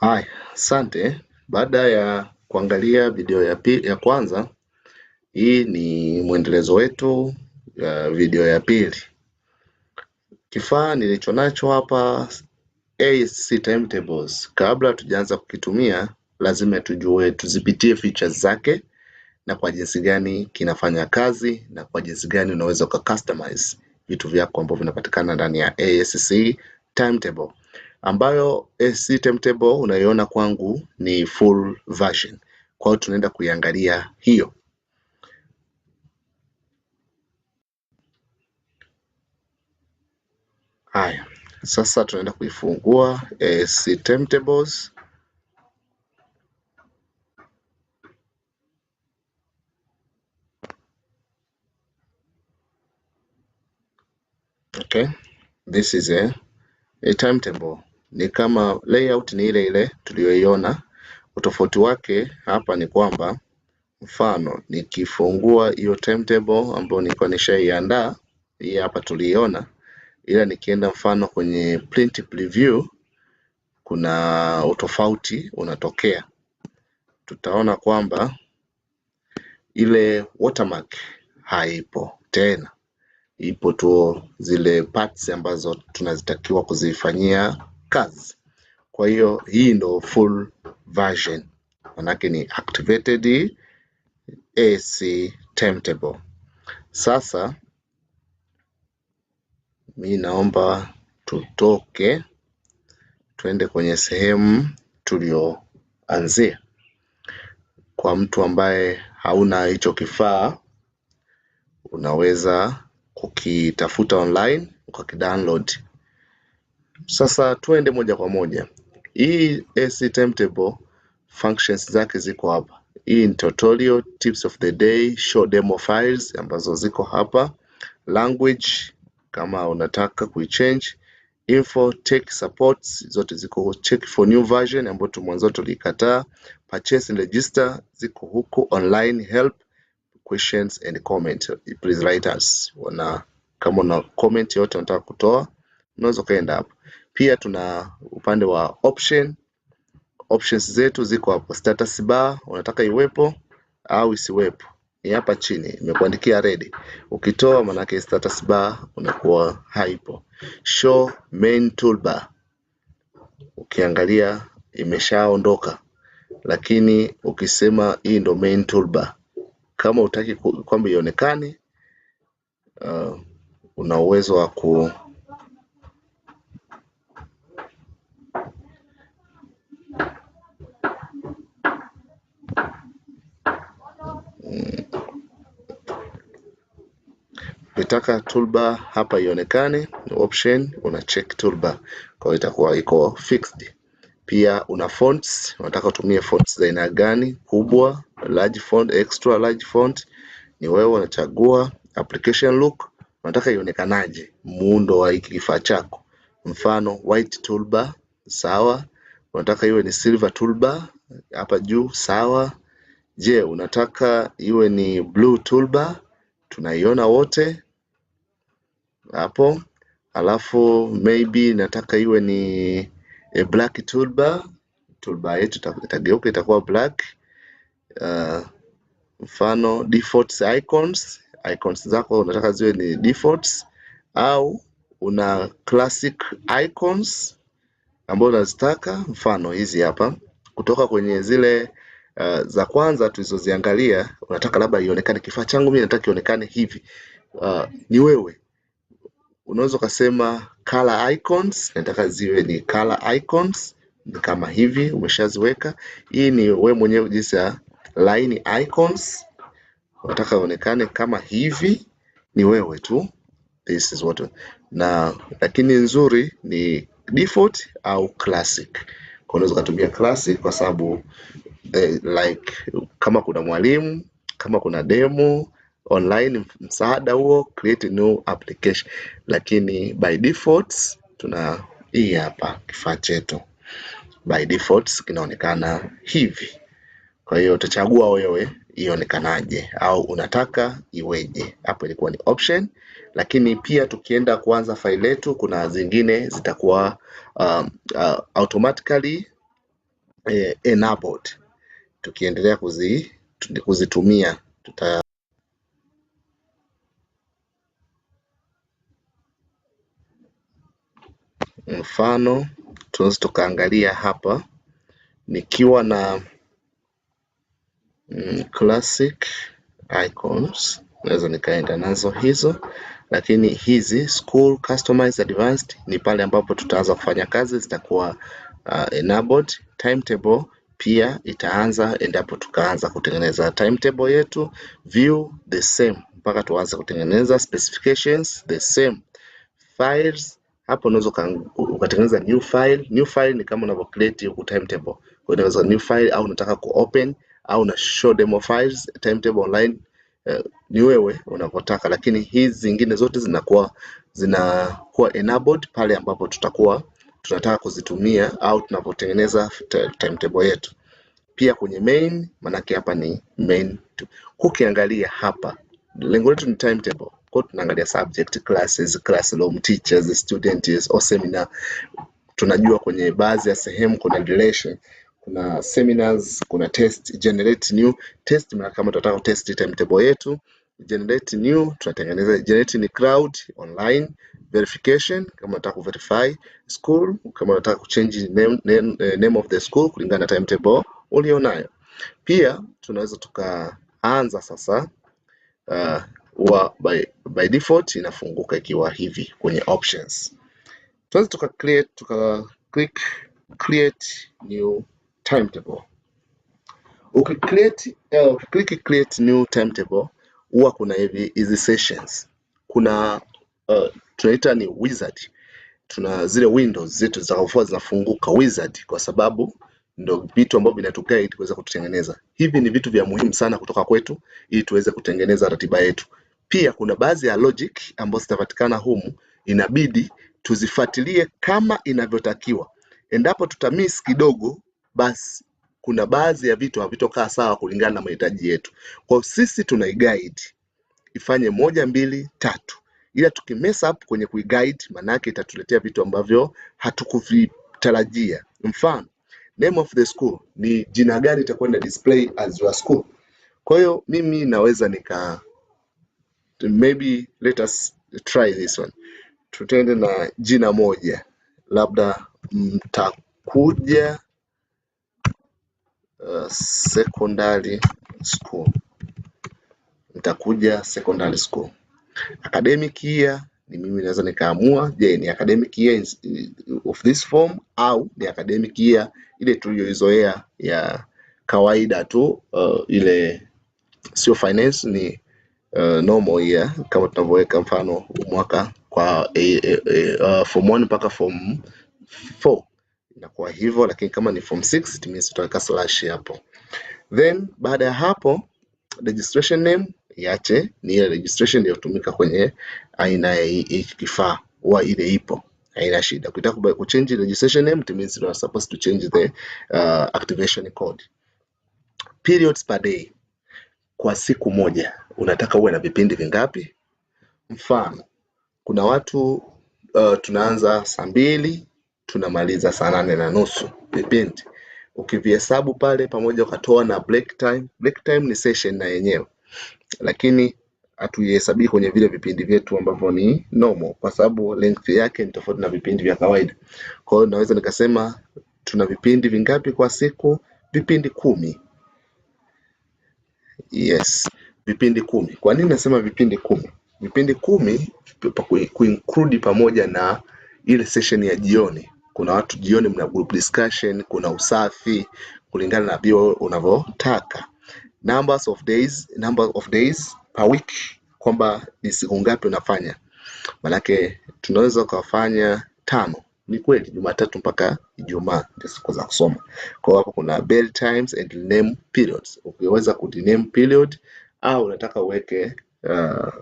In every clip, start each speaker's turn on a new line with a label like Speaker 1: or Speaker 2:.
Speaker 1: Haya, asante. Baada ya kuangalia video ya, ya kwanza, hii ni mwendelezo wetu ya video ya pili. Kifaa nilicho nacho hapa AC timetables. Kabla tujaanza kukitumia, lazima tujue, tuzipitie features zake na kwa jinsi gani kinafanya kazi na kwa jinsi gani unaweza uka vitu vyako ambavyo vinapatikana ndani ya ASC timetable ambayo AC eh, Timetable unaiona kwangu ni full version. Kwa hiyo tunaenda kuiangalia hiyo. Haya, sasa tunaenda kuifungua AC eh, Timetables. Okay, this is a, a timetable ni kama layout ni ile ile tuliyoiona. Utofauti wake hapa ni kwamba mfano nikifungua hiyo timetable ambayo nilikuwa nishaiandaa, hii hapa tuliiona, ila nikienda mfano kwenye print preview, kuna utofauti unatokea. Tutaona kwamba ile watermark haipo tena, ipo tu zile parts ambazo tunazitakiwa kuzifanyia kazi. Kwa hiyo hii ndo full version, manake ni activated AC timetable. Sasa mi naomba tutoke tuende kwenye sehemu tulioanzia. Kwa mtu ambaye hauna hicho kifaa, unaweza kukitafuta online ukakidownload sasa tuende moja kwa moja, hii AC timetable functions zake ziko hapa. Hii ni tutorial, tips of the day, show demo files ambazo ziko hapa, language kama unataka kuichange, info, tech supports zote ziko, check for new version ambayo tu mwanzo tulikataa, purchase and register ziko huko, online help, questions and comment, please write us. Wana, kama una comment yote unataka kutoa unaweza kaenda hapo. Pia tuna upande wa option. Options zetu ziko hapo, status bar unataka iwepo au isiwepo ni hapa chini nimekuandikia red. Ukitoa manake status bar unakuwa haipo. Show main toolbar ukiangalia imeshaondoka, lakini ukisema hii ndo main toolbar, kama utaki kwamba ionekane, uh, una uwezo wa ku Nitaka toolbar hapa ionekane option, una check toolbar, kwa itakuwa iko fixed. Pia una fonts, unataka utumie fonts za aina gani, kubwa, large font, extra large font, ni wewe unachagua. Application look, unataka ionekanaje, muundo wa hiki kifaa chako, mfano white toolbar, sawa. Unataka iwe ni silver toolbar hapa juu, sawa. Je, unataka iwe ni blue toolbar? Tunaiona wote hapo, alafu maybe nataka iwe ni a black toolbar. Toolbar yetu itageuka itakuwa black. Uh, mfano default icons, icons zako unataka ziwe ni defaults au una classic icons ambazo unazitaka, mfano hizi hapa kutoka kwenye zile uh, za kwanza tulizoziangalia. Unataka labda ionekane kifaa changu mimi nataka ionekane hivi. Uh, ni wewe unaweza ukasema color icons, nataka ziwe ni color icons kama hivi umeshaziweka. Hii ni we mwenyewe jinsi ya line icons, unataka ionekane kama hivi, ni wewe tu, this is what na, lakini nzuri ni default au classic. Unaweza kutumia classic kwa sababu eh, like kama kuna mwalimu kama kuna demo online msaada huo create new application, lakini by default tuna hii hapa kifaa chetu by default kinaonekana hivi. Kwa hiyo utachagua wewe ionekanaje au unataka iweje. Hapo ilikuwa ni option, lakini pia tukienda kuanza faili letu, kuna zingine zitakuwa um, uh, automatically eh, enabled. Tukiendelea kuzi, kuzitumia tuta Mfano tunaweza tukaangalia hapa nikiwa na mm, classic icons naweza nikaenda nazo hizo, lakini hizi school customized advanced ni pale ambapo tutaanza kufanya kazi zitakuwa uh, enabled. Timetable pia itaanza endapo tukaanza kutengeneza timetable yetu. View the same mpaka tuanze kutengeneza specifications the same. Files hapo unaweza ukatengeneza new file. New file ni kama unavyo create huku timetable. Kwa hiyo unaweza new file au unataka ku open au una show demo files timetable online uh, ni wewe unakotaka, lakini hizi zingine zote zinakuwa zinakuwa enabled pale ambapo tutakuwa tunataka kuzitumia au tunapotengeneza timetable yetu. Pia kwenye main, manake hapa ni main tu. Ukiangalia hapa lengo letu ni timetable kwa tunaangalia subject classes, classroom, teachers, students au seminar. Tunajua kwenye baadhi ya sehemu kuna relation kuna seminars, kuna test, generate new test. Maana kama tunataka ku test timetable yetu, generate new, tunatengeneza generate ni crowd online verification, kama unataka ku verify school, kama unataka ku change name, name, eh, name of the school kulingana na timetable ulionayo. Pia tunaweza tukaanza sasa uh, huwa by, by default inafunguka ikiwa hivi kwenye options. Tuanze tuka create tuka click create new timetable. Ukicreate uh, eh, ukiclick create new timetable huwa kuna hivi hizi sessions. Kuna uh, tunaita ni wizard. Tuna zile windows zetu zitakazokuwa zinafunguka wizard, kwa sababu ndo vitu ambavyo vinatuguide kuweza kutengeneza. Hivi ni vitu vya muhimu sana kutoka kwetu, ili tuweze kutengeneza ratiba yetu. Pia kuna baadhi ya logic ambazo zitapatikana humu inabidi tuzifuatilie kama inavyotakiwa. Endapo tutamiss kidogo, basi kuna baadhi ya vitu havitokaa sawa kulingana na mahitaji yetu. Kwa hiyo sisi guide ifanye moja, mbili, tatu, ila tukimess up kwenye ku guide, manake itatuletea vitu ambavyo hatukuvitarajia. Mfano, name of the school ni jina gani itakuwa ina display as your school. Kwa hiyo mimi naweza nika maybe let us try this one. Tutende na jina moja, labda mtakuja uh, secondary school, mtakuja secondary school. Academic year ni mimi naweza nikaamua, je, ni academic year of this form au ni academic year ile tuliyoizoea ya kawaida tu, uh, ile sio finance ni uh, normal year kama tunavyoweka mfano mwaka kwa e, e, e, uh, form 1 mpaka form 4 inakuwa hivyo, lakini kama ni form 6 it means tutaweka slash hapo. Then baada ya hapo registration name iache ni ile registration iliyotumika kwenye aina ya hiki kifaa, wa ile ipo haina shida. Ukitaka change registration name it means you are supposed to change the uh, activation code. Periods per day, kwa siku moja unataka uwe na vipindi vingapi. Mfano, kuna watu uh, tunaanza saa mbili tunamaliza saa nane na nusu vipindi ukivihesabu pale pamoja ukatoa na break time. Break time ni session na yenyewe, lakini hatuihesabii kwenye vile vipindi vyetu ambavyo ni nomo kwa sababu length yake ni tofauti na vipindi vya kawaida. Kwa hiyo naweza nikasema tuna vipindi vingapi kwa siku? Vipindi kumi. Yes, vipindi kumi. Kwa nini nasema vipindi kumi? Vipindi kumi kuinclude pamoja na ile session ya jioni. Kuna watu jioni mna group discussion, kuna usafi kulingana na bio unavyotaka. Numbers of days, number of days per week, kwamba ni siku ngapi unafanya. Manake tunaweza kufanya tano, ni kweli, Jumatatu mpaka Ijumaa ndio siku za kusoma. Kwa hiyo hapo kuna bell times and name periods, ukiweza ku name period au unataka uweke uh,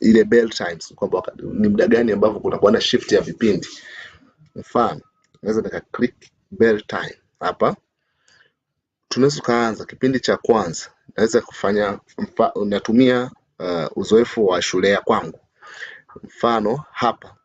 Speaker 1: ile bell times kwamba ni muda gani ambavyo kunakuwa na shift ya vipindi. Mfano, naweza nika click bell time hapa, tunaweza tukaanza kipindi cha kwanza. Naweza kufanya mfa, unatumia uh, ah, uzoefu wa shule ya kwangu, mfano hapa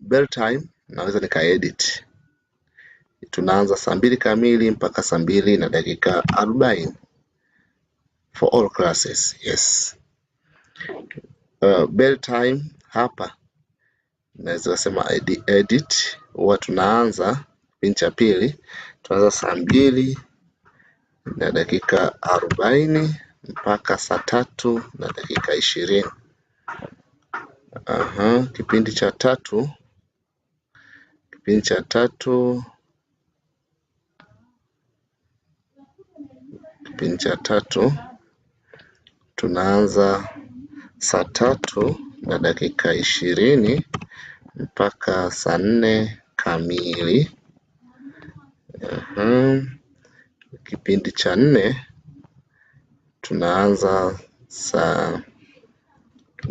Speaker 1: bell time naweza nika edit tunaanza saa mbili kamili mpaka saa mbili na dakika arobaini for all classes yes. Uh, bell time hapa naweza sema edit, huwa tunaanza kipindi cha pili, tunaanza saa mbili na dakika arobaini mpaka saa tatu na dakika ishirini. Aha, kipindi cha tatu kipindi cha tatu kipindi cha tatu tunaanza saa tatu na dakika ishirini mpaka saa nne kamili. Uhum. Kipindi cha nne tunaanza saa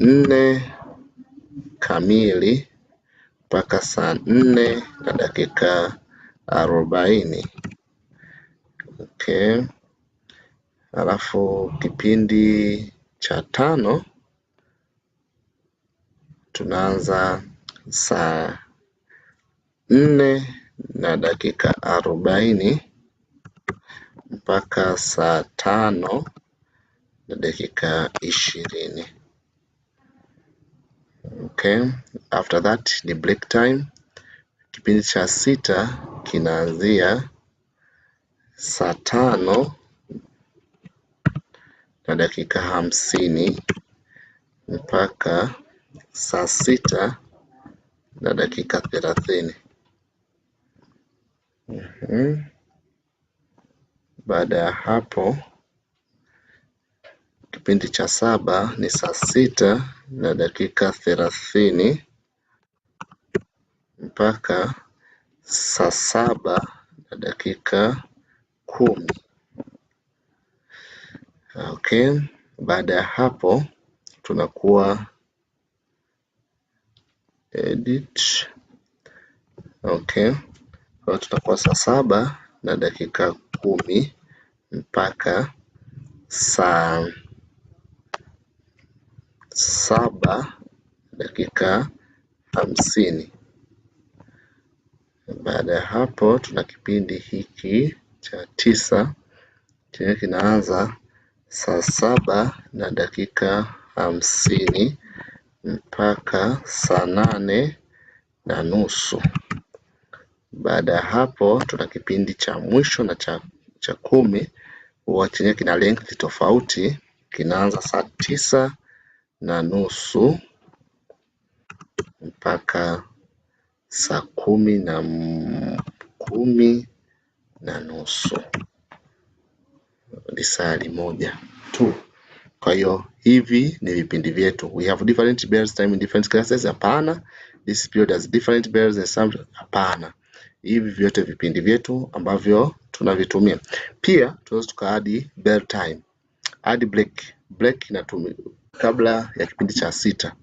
Speaker 1: nne kamili mpaka saa nne na dakika arobaini. Okay. Alafu kipindi cha tano tunaanza saa nne na dakika arobaini mpaka saa tano na dakika ishirini. Okay. After that ni break time. Kipindi cha sita kinaanzia saa tano na dakika hamsini mpaka saa sita na dakika thelathini. Mm-hmm. Baada ya hapo kipindi cha saba ni saa sita na dakika thelathini mpaka saa saba na dakika kumi. Okay, baada ya hapo tunakuwa edit. Okay, kwa tutakuwa saa saba na dakika kumi mpaka saa saba dakika hamsini. Baada ya hapo tuna kipindi hiki cha tisa chenye kinaanza saa saba na dakika hamsini mpaka saa nane na nusu. Baada ya hapo, tuna kipindi cha mwisho na cha, cha kumi huwa chenyewe kina lengthi tofauti, kinaanza saa tisa na nusu mpaka saa kumi na kumi na nusu lisali moja tu. Kwa hiyo hivi ni vipindi vyetu. We have different bells time in different classes. Hapana. This period has different bells and some. Hapana. Hivi vyote vipindi vyetu ambavyo tunavitumia. Pia tunaweza tukaadi bell time, adi break. Break inatumika kabla ya kipindi cha sita.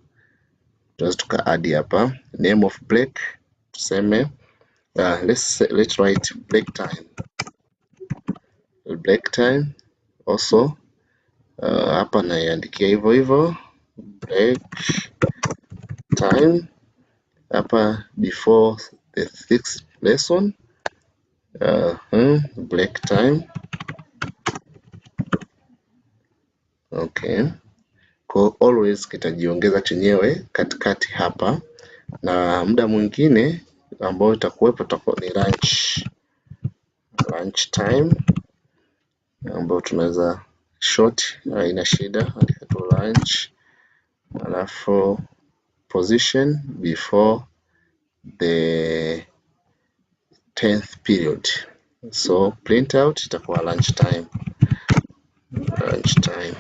Speaker 1: Tunaweza tukaadi hapa name of break tuseme, uh, let's, let's write break time break time also uh, hapa naiandikia hivyo hivyo break time hapa before the sixth lesson uh, hmm, break time okay kwa always kitajiongeza chenyewe katikati hapa na muda mwingine ambao itakuwepo ni lunch lunch time ambayo tunaweza short haina shida, andika tu lunch, alafu position before the 10th period, so print out itakuwa lunch time, lunch time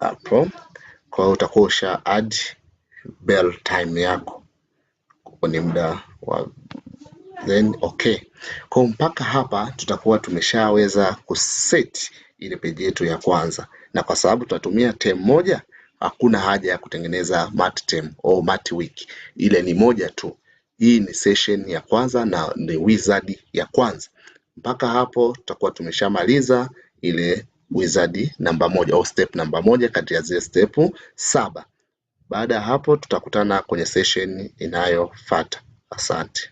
Speaker 1: hapo. Kwa hiyo utakuwa usha add bell time yako, huo ni muda wa then okay. Kwa mpaka hapa tutakuwa tumeshaweza kuset ile peji yetu ya kwanza, na kwa sababu tutatumia term moja, hakuna haja ya kutengeneza mat term au mat week, ile ni moja tu. Hii ni session ya kwanza na ni wizard ya kwanza. Mpaka hapo tutakuwa tumeshamaliza ile wizard namba moja au step namba moja kati ya zile step saba. Baada ya hapo tutakutana kwenye session inayofuata. Asante.